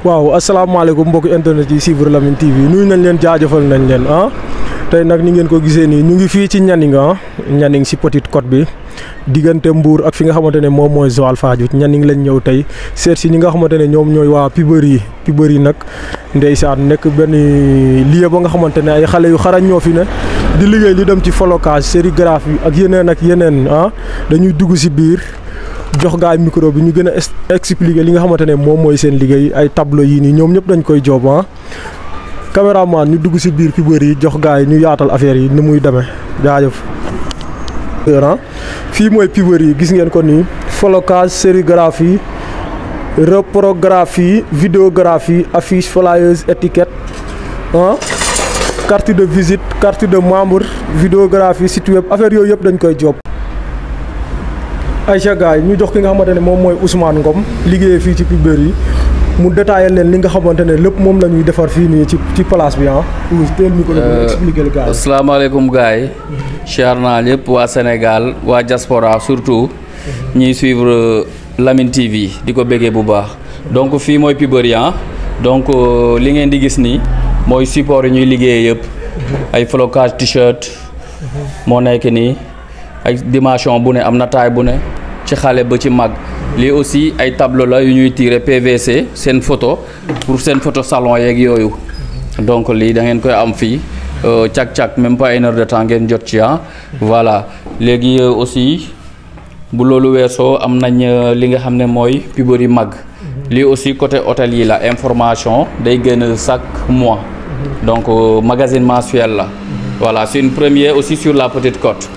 Wow, assalamualaikum mbokk internet yi suivre Lamyn TV nuyu nañ leen jaajëfal nañ leen ah tey nag ni ngeen ko gisee nii ñu ngi fii ci Nianing ah Nianing si Petite Côte bi diggante Mbour ak fi nga xamante ne moom mooy Joal Fadiouth Nianing lañ ñëw tey seet si ñi nga xamante ne ñoom ñooy waa Pibery Pibery nag ndeysaan nekk benn lieu ba nga xamante ne ay xale yu xara ñoo fi ne di liggéey li dem ci flocage sérigraphie ak yeneen ak yeneen ah dañuy dugg si biir. jox gaay micro bi ñu gën a expliquer li nga xamante ne moom mooy seen liggéey ay tableau yi nii ñoom ñëpp dañ koy joob ah caméraman ñu dugg si biir pibër yi jox gaay ñu yaatal affaire yi ni muy demee jaajëf. Ah. fii mooy pibër yi gis ngeen ko nii flocage sérigraphie reprographie vidéographie affiche flyers étiquette ah. carte de visite carte de membre vidéographie site web affaire yooyu yëpp dañ koy job Aïcha Gaye ñu jox ki nga xamante ne moom mooy Ousmane Ngom liggéeyee fii ci Pibery yi mu détaillé leen li nga xamante ne lépp moom la ñuy defar fii nii ci ci place bi ah. Ousse teel ñu ko doon expliqué leen gars yi. asalaamaaleykum waa Sénégal waa jaspora surtout. ñiy suivre euh, Lamine TV di ko béggee bu baax. donc fii mooy Pibery yi ah. donc euh, li ngeen di gis nii mooy support yi ñuy liggéeyee yëpp. ay flocage t-shirt. moo nekk nii. ay dimension bu ne am na taay bu ne ci xalé ba ci mag li aussi ay tableau la yu ñuy tirer PVC sen photo pour sen photo salon yeeg yoyu donc li da ngeen koy am euh cag-cag même pas une heure de temps ngeen jot ci ah voilà légui euh, aussi bu loolu wesso am nañ euh, li nga xamné moy pibori mag li aussi côté hôtel yi la information day génn chaque mois donc euh, magazine mensuel la voilà c'est une première aussi sur la Petite Côte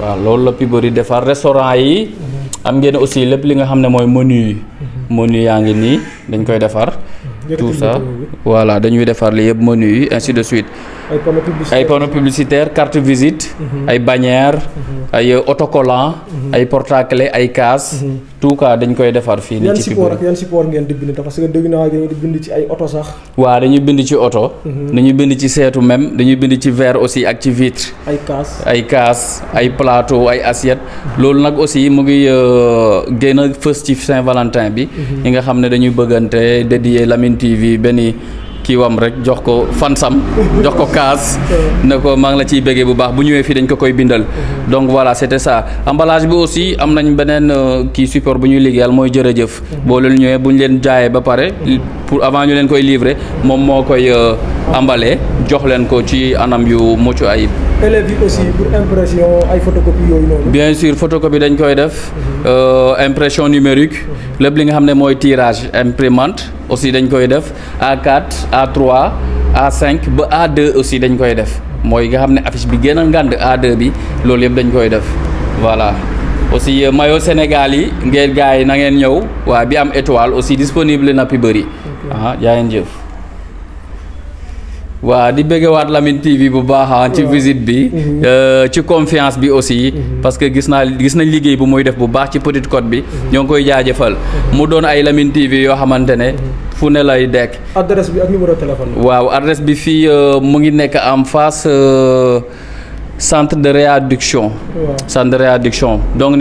waaw lebih la Pivory defar restaurant yi mhm. am ngeen aussi lépp li nga xam ne menu mhm. menu yaa ngi nii dañ koy defar mhm. tout ça voilà dañuy defar li menu ainsi de suite ay panneau publicitaire ay panneaux publicitaires carte visite. Mhm. ay bannières. Mhm. ay autocollants. Mhm. ay porte clé ay cases. tout cas dañ koy défar fi ni ci. support ak yan support ngeen di bind parce que dégg naa dañuy bind ci ay auto, sax. wa dañu bind ci auto dañu bind ci setu même dañu bind ci verre aussi ak ci vitre. ay cases ay cases ay plateau ay assiette lool nak aussi mu ngi euh, gëna festif Saint-Valentin bi. yi nga xam dañu bëggante dédié Lamine TV benn. kiiwam rek jox ko fansam jox ko kaas ne ko maa la ciy béggee bu baax bu ñëwee fii dañ ko koy bindal donc voilà c'était ça emballage bi aussi am nañ beneen euh, kii support bu ñuy liggéeyal mooy jërëjëf mm-hmm. boo leen ñëwee bu ñu leen jaayee ba pare pour avant ñu leen koy livrer mom mo koy emballé euh, jox leen ko ci anam yu mucc ayib. élèves yi aussi pour impression ay photocopie yoy noonu. bien sûr photocopie dañ koy def euh, impression numérique lépp li nga xamné moy tirage imprimante aussi dañ koy def A4 A3 A5 ba A2 aussi dañ koy def moy nga xamné affiche bi gënal a A2 bi lool yëpp dañ koy def voilà. aussi euh, maillot Sénégal yi ngeen gars na ngeen ñew wa bi am étoile aussi disponible na pi ah yaa ngeen jëf waaw di bëggewaat Lamine TV bu baax ah, ci visite bi mhm. euh, ci confiance bi aussi mhm. parce que gis naa gis nañ liggéey bi muy def bu baax ci Petite Côte bi mhm. ñoo ngi koy jaajëfal mu doon ay Lamine TV yoo xamante ne fu ne lay dekk adresse bi ak numéro téléphone waaw adresse bi fii euh, mu ngi nekk en face euh, centre de réadduction centre de réadduction donc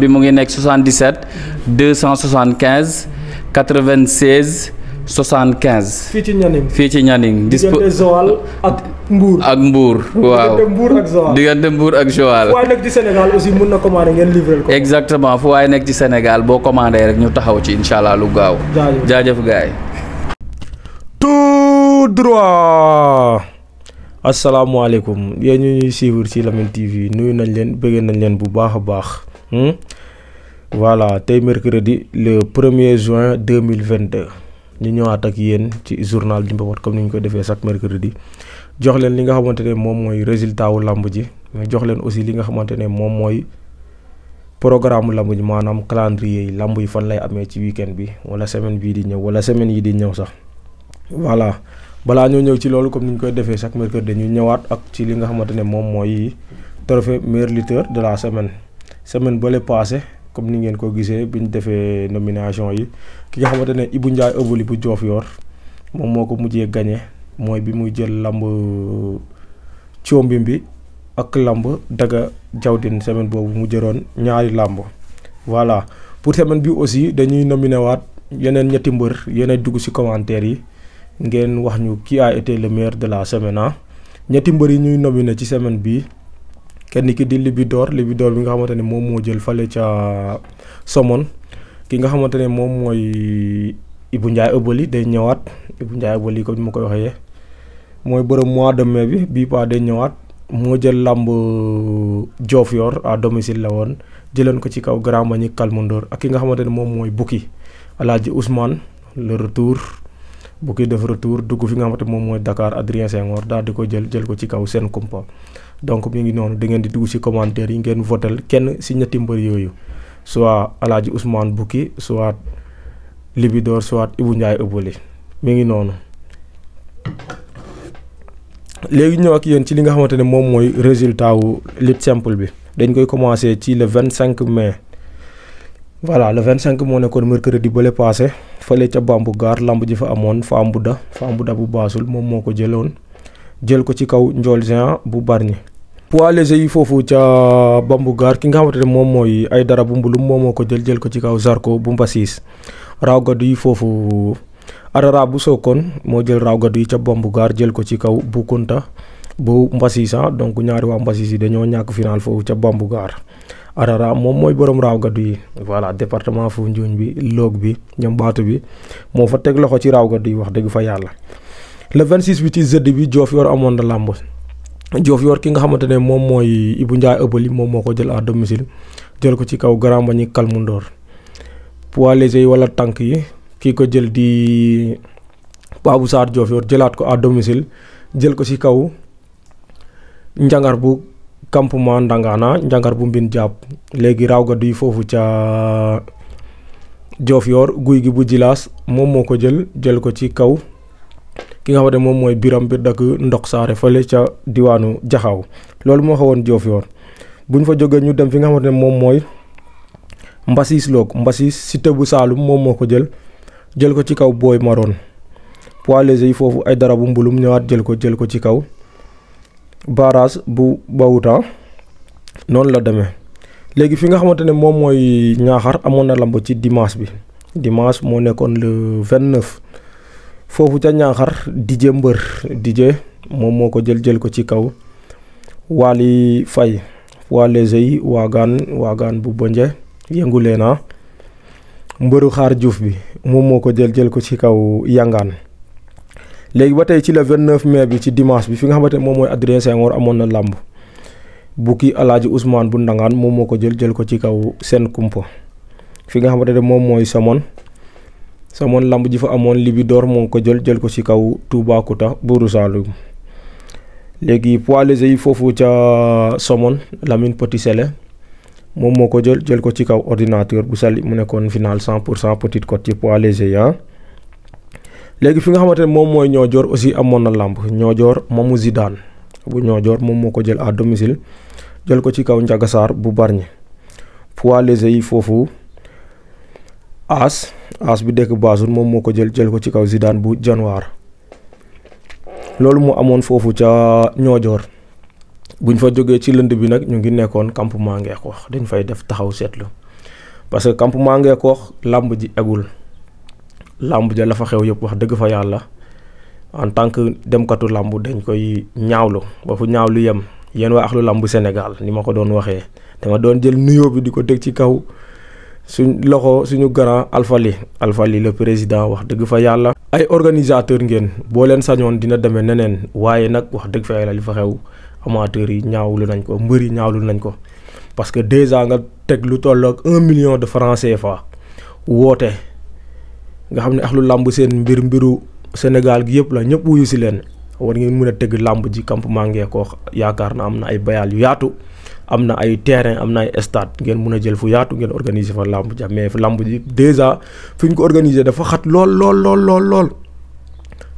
bi mu ngi nekk 77 275 96 75. fii ci Nianing fii ci Nianing. diggante Joal ak Mbour. ak Mbour waaw diggante Mbour ak Joal. diggante Mbour ak Joal. fu waay ci Sénégal aussi mun na commander ngeen livrer ko. exactement fu waay nekk ci rek ñu taxaw ci allah lu gaaw. jaajëf jaajëf tout droit. asalaamaaleykum yéen ñu ñuy suivre ci TV nuyu nañ leen nañ leen bu baax a baax. Hmm? voilà tey mercredi le premier juin 2022 ñu ñëwaat ak yéen ci journal du mbapat comme ni ñu koy defee chaque mercredi jox leen li nga xamante ne moom mooy résultat wu lamb ji mais jox leen aussi li nga xamante ne moom mooy programme lamb ji maanaam calendrier yi lamb yi fan lay amee ci weekend bi wala semaine bii di ñëw wala semaine yi di ñëw sax voilà balaa ñoo ñëw ci loolu comme ni ñu koy defee chaque mercredi ñu ñëwaat ak ci li nga xamante ne moom mooy trophée meilleur lutteur de la semaine semaine bële passé comme ni ngeen ko gisee bi ñu defee nomination yi ki nga xamante ne Ibou Ndiaye Oboli bu yoor moom moo ko mujjee gagné mooy bi muy jël lamb euh, combim bi ak lamb daga jawdin semaine boobu mu jëroon ñaari làmb voilà pour semaine bi aussi dañuy nominé waat yeneen ñetti mbër yeneen dugg ci commentaire yi ngeen wax ñu kii a été le maire de la semaine ah ñetti mbër yi ñuy nominé ci semaine bi kenn ki di libidor, libidor, bi nga xamantene mom mo jël fale ca somon ki nga xamantene mom moy mooy Ibou Ndiaye Obali day ñëwaat Ibou ndjay eboli ko ma koy waxé moy borom mois de mai bi bi pa day ñëwaat mo jël lamb jof euh, yor à domicile la woon jëloon ko ci kaw grand bañi kalmandoor ak ki nga xamantene mom moy bukki Ousmane le retour bu koy def retour dugg fi nga xamante moom mooy Dakar Adrien Senghor daal di ko jël jël ko ci kaw seen kumpa donc mu ngi noonu da ngeen di dugg ci commentaire yi ngeen votel kenn ci ñetti mbër yooyu soit Alaaji Ousmane Bouki soit Libidor soit Ibou Ndiaye Oboli mi ngi noonu léegi ñëw ak yéen ci li nga xamante ne moom mooy résultat wu lutte simple bi dañ koy commencer ci le vingt cinq mais voilà le cinq moo nekkoon mercredi bële passé fële ca bambu gaar lamb ji fa amoon Fambuda Fambuda bu baasul moom moo ko jëloon jël ko ci kaw Ndiol Géant bu Bargny. poids léger yi foofu ca bambu gaar ki nga xamante ne moom mooy ay dara bu mbulum moom moo ko jël jël ko ci kaw Zarko bu Mbasiis raw yi foofu arara bu Sokone moo jël raw yi ca bambu gaar jël ko ci kaw bu Kunta bu Mbasiis ah, donc ñaari waa Mbasiis yi dañoo ñàkk final foofu ca bambu gaar. Arara moom mooy borom raaw gaddu yi voilà département Foundiougne bi Log bi ñoom baatu bi moo fa teg loxo ci raaw gaddu yi wax dëgg fa yàlla. le 26 bi ci jeudi bi Diofior amoon na làmb Diofior ki nga xamante ne moom mooy Ibou Ndiaye ëbbali moom moo ko jël à domicile jël ko ci kaw Grand Mbagnick Kalmundoor poids léger yi wala tànk yi kii ko jël di Babou Sarr Diofior jëlaat ko à domicile jël ko ci kaw njangar bu. campement dangana jangar bumbin legui legi ga duy fofu ca jofior guuy gi bu jilas mom moko jël jël ko ci kaw ki nga xamne mom moy biram bi dak ndox sare fele ca diwanu jaxaw lolou mo xawon jofior buñ fa joge ñu dem fi nga xamne mom moy mbasis lok mbasis cité bu salum mom moko jël jël ko ci kaw boy maron poids yi fofu ay darabu mbulum ñewat jël ko jël ko ci kaw barrage bu Baouta noonu la deme léegi fi nga xamante ne moom mooy ñaaxar amoon na lamb ci dimanche bi dimanche moo nekkoon le 29 foofu ca ñaaxar Dije mbër Dije moom moo ko jël jël ko ci kaw Waly fay waa Lézey waagaan waagaan bu bonje yëngulee naa mbëru xaar juuf bi moom moo ko jël jël ko ci kaw yangaan léegi ba tey ci le 29 mai bi ci dimanche bi fi nga xamante ne moom mooy Adrien Senghor amoon na làmb bu kii alaaji Ousmane bu Ndangaan moom moo ko jël jël ko ci kaw seen kumpa fi nga xamante ne moom mooy Samone Samone làmb ji fa amoon Libidor moo ko jël jël ko ci kaw Toubacouta Buuru Saalum léegi poids léger yi foofu ca Somone Lamine Petit Sélé moom moo ko jël jël ko ci kaw ordinateur bu sali mu nekkoon final 100 pour cent Petite Côte ci poids léger ya Lagi fi nga xamantene mom moy amon aussi amon na làmb ñoojoor momu Zidane bu ñoojoor momo moo ko jël à domicile jël ko ci kaw njagasaar bu barñi poids léger yi fofu as as bi dekk baasul mom moko ko jël jël ko ci kaw Zidane bu januar lolou mu amon fofu ca ñoojoor buñ fa joggé ci lënd bi nak ñu ngi nekkoon campement wax dañ fay def taxaw seetlu parce que campement wax lamb ji egul làmb ja la fa xew yëpp wax dëgg fa yàlla en tant que demkatu làmb dañ koy ñaawlu ba fu ñaawlu yem yéen waa axlu làmb Sénégal ni ma ko doon waxee dama doon jël nuyoo bi di ko teg ci kaw suñ loxo suñu grand alfali alfali la président wax dëgg fa yàlla. ay organisateur ngeen boo leen sañoon dina demee neneen waaye nag wax dëgg fa yàlla li fa xew amateurs yi ñaawlu nañ ko mbër yi ñaawlu nañ ko parce que déjà nga teg lu tolloog un million de francs CFA woote. nga xamne ahlul lamb sen mbir mbiru senegal gi yep la ñep wuyu ci len war ngeen mëna tegg lamb ji camp mangé ko yaakar na amna na ay bayal yu yaatu amna na ay terrain amna na ay stade ngeen mëna jël fu yaatu ngeen organiser fa lamb ja mais lamb ji déjà fuñ ko organiser dafa xat lol lol lol lol lol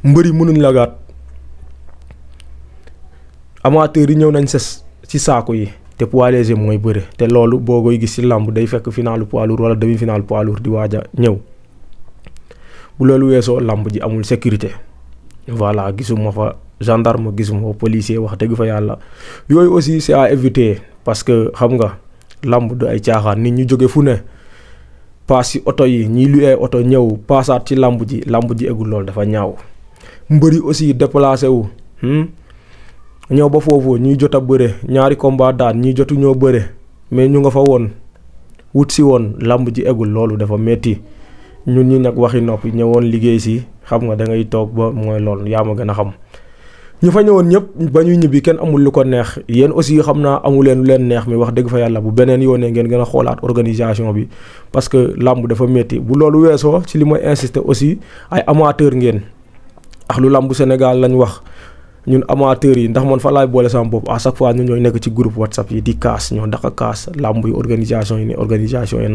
mbeuri mënuñ gaat amateur yi ñew nañ ses ci saako yi te poids léger moy bëre te lolou bo gis ci lamb day fekk finalu poids lourd wala demi final poids lourd di waja ñew bu loolu weesoo làmb ji amul sécurité voilà gisuma fa gendarme gisuma fa policier wax dëgg fa yàlla yooyu aussi c'est à éviter parce que xam nga làmb du ay caaxaan nit ñu jóge fu ne paas ci oto yi ñiy lu ay oto ñëw paasaat ci làmb ji làmb ji eggul loolu dafa ñaaw mbëri aussi déplacé wu hmm? ñëw ba foofu ñuy jot a bëre ñaari combat daan ñiy jotu ñoo bëre mais ñu nga fa woon wut si woon làmb ji eggul loolu dafa metti ñun ñi nak waxi nopi ñewon liggéey si xam nga da ngay tok ba moy lool ya ma gëna xam ñu fa ñewon ñep ba ñuy ñibbi kenn amul lu ko neex yeen aussi xamna amul len len neex mi wax deug fa yalla bu benen yone ngeen gëna xolaat organisation bi parce que lamb dafa metti bu loolu wesso ci limay insister aussi ay amateur ngeen ak lu lamb senegal lañ wax ñun amateur yi ndax mon fa lay bolé sama bop à chaque fois ñun ñoy nekk ci groupe whatsapp yi di kaas ñoo ndax kaas lamb yi organisation yi organisation yi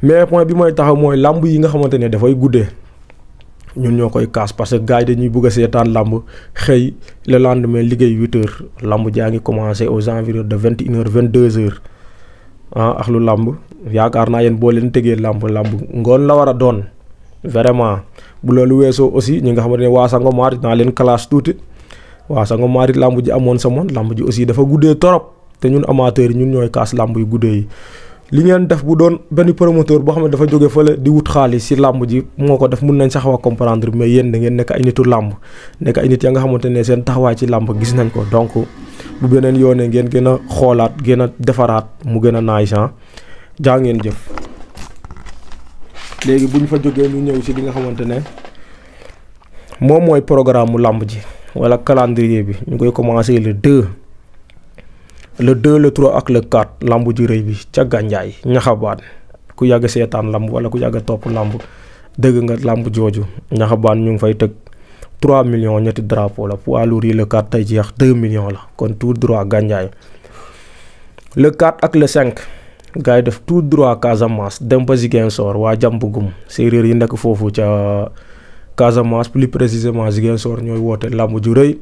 mais point bi mooy taxaw mooy làmb yi nga xamante ne dafay guddee ñun ñoo koy kaas parce que gars yi dañuy bëgg a seetaan làmb xëy le lendemain liggéey huit heures jaa ngi commencé aux environs de vingt une heures vingt deux heures ah ak lu yaakaar naa yéen boo leen tegee làmb làmb ngoon la war a doon vraiment bu loolu weesoo aussi ñi nga xamante ne waa sango maari naa leen classe tuuti waa sango maari làmb ji amoon sa moon làmb ji aussi dafa guddee torop te ñun amateurs yi ñun ñooy kaas làmb yu guddee li ngeen def bu doon benn promoteur boo xam ne dafa jóge fële di wut xaalis si làmb ji moo ko def mun nañ sax wa comprendre mais yéen da ngeen nekk ay nitu làmb nekk ay nit ya nga xamante ne seen taxawaay ci làmb gis nañ ko donc bu beneen yoonee ngeen gën a xoolaat gën a defaraat mu gën a naay genre ah. jaa ngeen jëf. léegi buñ fa jógee ñu ñëw si li nga xamante ne moom mooy programme mu làmb ji wala calendrier bi ñu koy commencé le 2. le deux le 3 ak le 4 lamb ju réy bi ca gànjaay ñaxabaan ku yàgg seetaan lamb wala ku yàgg topp lamb dëgg nga lamb jooju ñaxabaan ñu ngi fay tëg 3 millions ñetti drapeau la poids lourd yi le 4 tey jeex 2 millions la kon tout droit gànjaay le 4 ak le 5 gars yi def tout droit Casamance dem ba Ziguinchor waa Jambugum séeréer yi nekk foofu ca Casamance plus précisément Ziguinchor ñooy woote lamb ju rëy.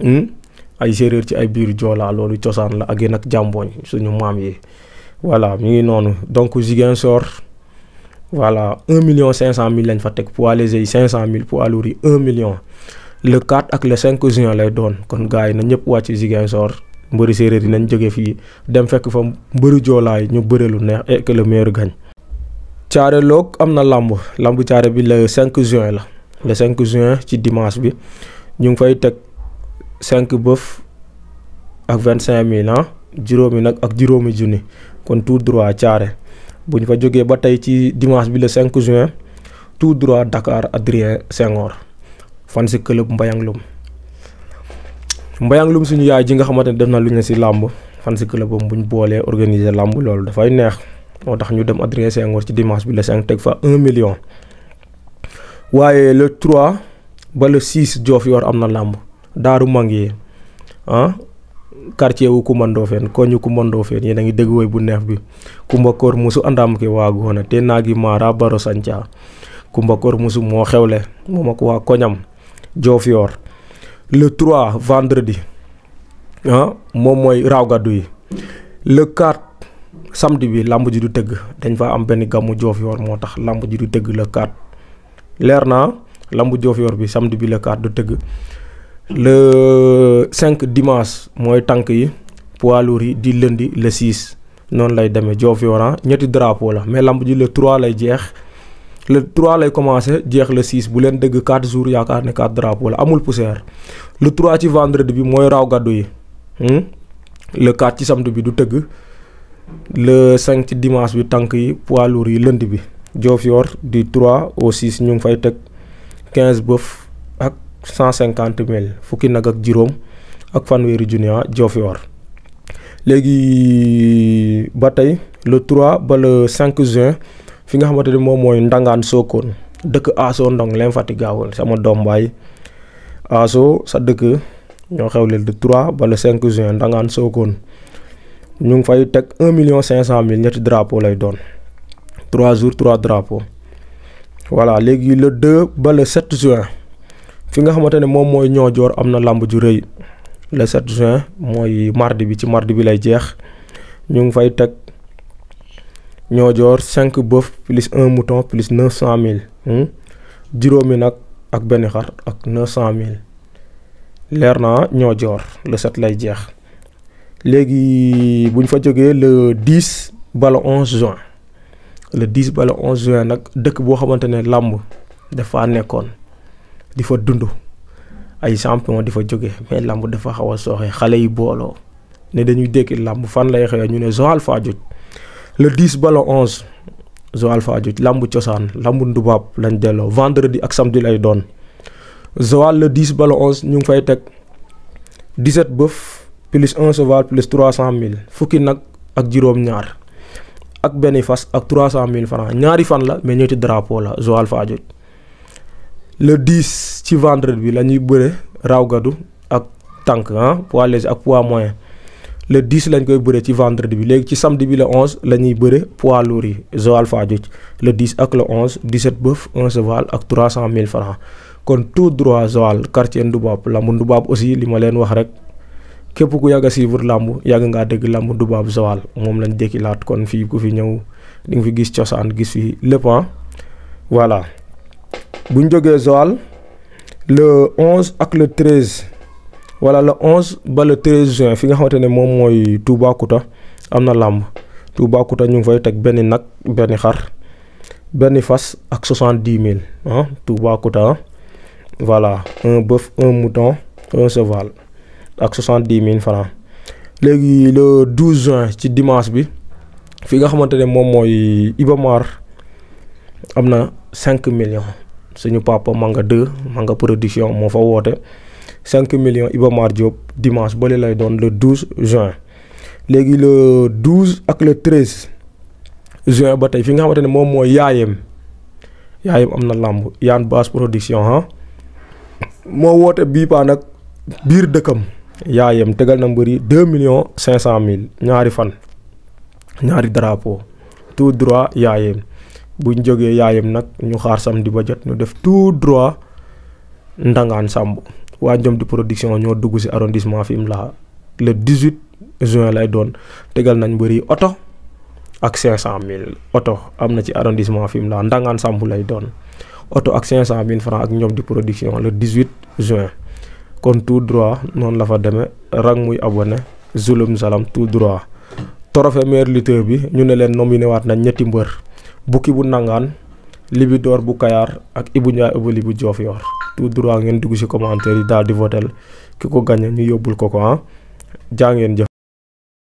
Hmm? ay séeréer ci ay biir joolaa loolu cosaan la ak yéen ak jàmbooñ suñu maam yi voilà mu ngi noonu donc Ziguinchor voilà un million cinq cent mille lañ fa teg poids légers yi cinq cent mille poids lourds un million le 4 ak le 5 juin lay doon kon gars yi na ñëpp wàcc Ziguinchor mbëri séeréer yi nañ jóge fii dem fekk fa mbëri joolaa yi ñu bëre lu neex et que le meilleur caare loog am na làmb làmb caare bi le 5 juin la le 5 juin ci dimanche bi ñu ngi fay teg 5 bëf ak vingt cinq mille nak ah, juróomi nag ak juróomi junni kon tout droit Thiaré bu ñu fa jógee ba tey ci dimanche bi le 5 juin tout droit Dakar Adrien Senghor fan si club Mbayang Loum Mbayang Loum suñu yaay ji nga xamante ne def na lu ñu si làmb fan si club am bu ñu boolee organiser làmb loolu neex moo ñu dem Adrien Senghor ci dimanche bi le 5 teg fa 1 million waaye le 3 ba le 6 Diofior am na làmb. daaru Manguier ah quartier wu Coumba Ndofféne koñu Coumba Ndofféne yéen a ngi dégg woy bu neex bi Coumba Kor Musu andam ke waa goona te naagi maara baro sanca Coumba Kor Musu moo xewle moom ko waa koñam Diofior le 3 vendredi ah moom mooy raaw gàddu yi le 4 samedi bi làmb ji du tëgg dañ fa am benn gàmmu Diofior moo tax làmb ji du tëgg le 4 leer naa lambu Diofior bi samedi bi le 4 du tëgg le cinq dimanche mooy tànk yi poids yi di lundi le 6 noonu lay demee Diofior ñetti drapeau la mais lamb ji le 3 lay jeex le trois lay commencé jeex la 6 bu leen dëgg 4 jours yaakaar ne 4 drapeau la amul poussière le 3 ci vendredi bi mooy raw gàddu yi hmm? le 4 ci samedi bi du tëgg le cinq ci dimanche bi tànk yi poids yi lundi bi Diofior di 3 au 6 ñu ngi fay teg quinze bëf. cent cinquante mille fukki nag ak juróom ak fanweeri junni ah Diofior léegi ba tey le 3 ba le 5 juin fi nga xamante ne moom mooy Ndangaan Sokone dëkk Aso Ndong l'infatigable sama doom baay Aso sa dëkk ñoo xewleel le 3 ba le 5 juin Ndangaan sookoon ñu ngi fay teg un million cinq cent mille ñetti drapeau lay doon trois jours trois drapeaux voilà léegi le 2 ba le 7 juin. fi nga xamante ne moom mooy ñoo joor am na làmb ju rëy le 7 juin mooy mardi bi ci mardi bi lay jeex ñu ngi fay teg ñoo joor 5 bœuf plus un mouton plus cent mille hmm? juróomi nag ak benn xar ak 900 mille leer naa ñoo joor le 7 lay jeex léegi bu ñu fa jógee le 10 ba le 11 juin le 10 ba le juin nag dëkk boo xamante ne làmb dafa nekkoon. di fa dund ay champion di fa jóge mais lamb dafa xaw a sooxe xale yi booloo ne dañuy dégg làmb fan lay xewee ñu ne Joal Fadiouth le 10 ba onze 11 Joal lamb làmb cosaan làmb ndubaab lañ delloo vendredi ak samedi lay doon Joal le 10 ba le ñu ngi fay teg 17 bëf plus 1 cheval plus cent mille fukki nag ak juróom-ñaar ak benn fas ak 300 000 francs ñaari fan la mais ñoo ci drapeau la Joal Fadiouth le 10 ci vendredi bi la ñuy bëre raawgadu ak tànk ah poids léger ak poids moyen le 10 lañ koy bëre ci vendredi bi léegi ci samedi bi le 11 la ñuy bëre pois lourd yi Joal Fadiouth le 10 ak onze 11 17 bœuf 1 cheval ak 300 000 francs kon tout droit Joal quartier Ndoubab lamb Ndoubab aussi li ma leen wax rek képp ku yàgg a suivre làmb yàgg ngaa dégg lamb Ndoubab Joal moom lañ laat kon fii ku fi ñëw di nga fi gis cosaan gis fi lépp ah. voilà. buñ ñu jógee le 11 ak le 13 wala le 11 ba le 13 juin fi nga xamante ne moom mooy Toubacouta am na làmb Toubacouta ñu ngi fay teg benn nag benn xar benn fas ak 70 mille ah Toubacouta ah. voilà un bœuf un mouton un cheval ak 70 francs léegi le 12 juin ci dimanche bi fi nga xamante ne moom mooy Ibamar 5 millions. suñu papa Manga 2 Manga production moo fa woote cinq million Iba Mar Diop dimanche bële lay doon le 12 juin léegi le 12 ak le 13 juin ba tey fi nga xamante ne moom mooy yaayem yaayem am na làmb yaan basse production ah moo woote bii paa nag biir dëkkam yaayem tegal na mbër yi million cinq cent mille ñaari fan ñaari drapeau tout droit yaayem buñ jógee yaayam nag ñu xaar sam di bajat ñu def tout droit ndangaan sambu waa njom di production ñoo dugg si arrondissement fi la le 18 juin lay doon tegal nañ bëri oto ak 500000 oto am na ci arrondissement fi la ndangaan sambu lay doon oto ak 500000 francs ak njom di production le 18 juin kon tout droit noonu la fa demee rang muy abonné zulum salam tout droit trophée meilleur lutteur bi ñu ne leen nominé waat nañ ñetti mbeur bukki bu nangaan door bu kayaar ak Ibou Ndiaye ëbbali bu joof yor tout droit ngeen dugg ci commentaire yi daal di votel ki ko gagné ñu yóbbul ko ko ah jaa ngeen jëf